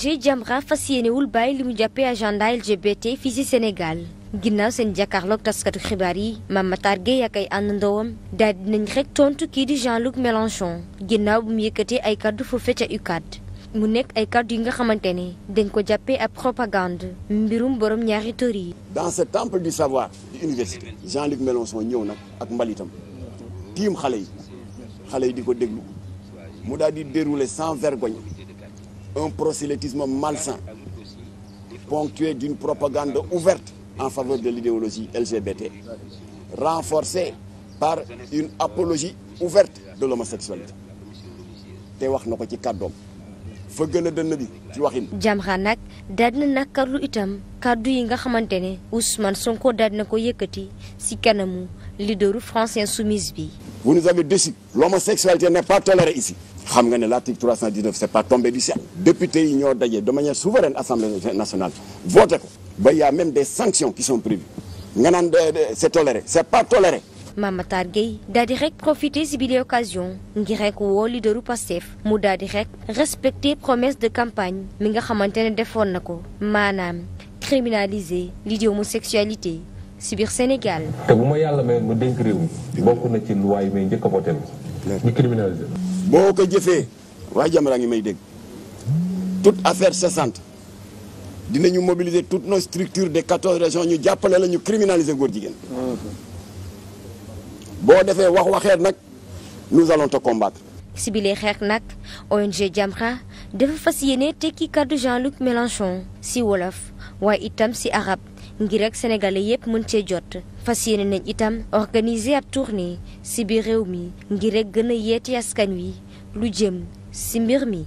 G Jamra fas yéenewul bàyyi li mu jàppee agenda LGBT fii ci Sénégal ginnaaw seen jàkkaarloog taskatu xibaar yi Mame Matar Gueye ak ay àndandoowam daal dinañ rek tontu kii di Jean-Luc Mélenchon ginnaaw bu mu yëkkatee ay kaddu foofe ca UCAD mu nekk ay kaddu yi nga xamante ne dañ ko jàppee ak propagande mbirum borom ñaari tóor yi. dans ce temple du savoir du université Jean-Luc Mélenchon ñëw nag ak mbalitam tiim xale yi xale yi di ko déglu mu daal di dérouler sans un prosélytisme malsain ponctué d'une propagande ouverte en faveur de l'idéologie LGBT, renforcée par une apologie ouverte de l'homosexualité te wax na ko ci kàddoom fa gën a dënn bi ci waxin. Jamra nag daal na nakkarlu itam kàddu yi nga xamante ne Ousmane Sonko daal na ko yëkkati ci kanamu leaderu France Insoumise bi. vous nous avez déçus. l'homosexualité n'est pas tolérée ici. xam nga ne l'article 319 c'est pas tombé du ciel député yi ñoo daje de manière souveraine assemblée nationale voté ko ba y a même des sanctions qui sont prévues nga naan c'est toléré c'est pas toléré Mame Matar Gueye daal di rek profiter si bi l'occasion ngir rek woo leaderu Pastef mu daal di rek respecter promesse de campagne mi nga xamante ne defoon na ko maanaam criminaliser lii di homosexualité si biir Sénégal te bu ma yàlla may ma dénk réew mi bokk na ci loi yi a voté ñu boo ko jëfee waa Jamra ngi may dégg toute affaire cessante dinañu mobiliser toutes nos structure des quatorze régions ñu jàppale la ñu criminaliser góor jigéen. boo defee wax waxeet nag nous allons te combattre. si bilee xeex nag ONG Jamra dafa fas yéene tekki kàddu Jean-Luc Mélenchon si wolof waaye itam si arab ngir rek sénégalais yépp mën cee jot. fas yéene nañ itam organiser ab tournée ci biir réew mi ngir rek gën a yeeti askan wi lu jëm ci mbir mi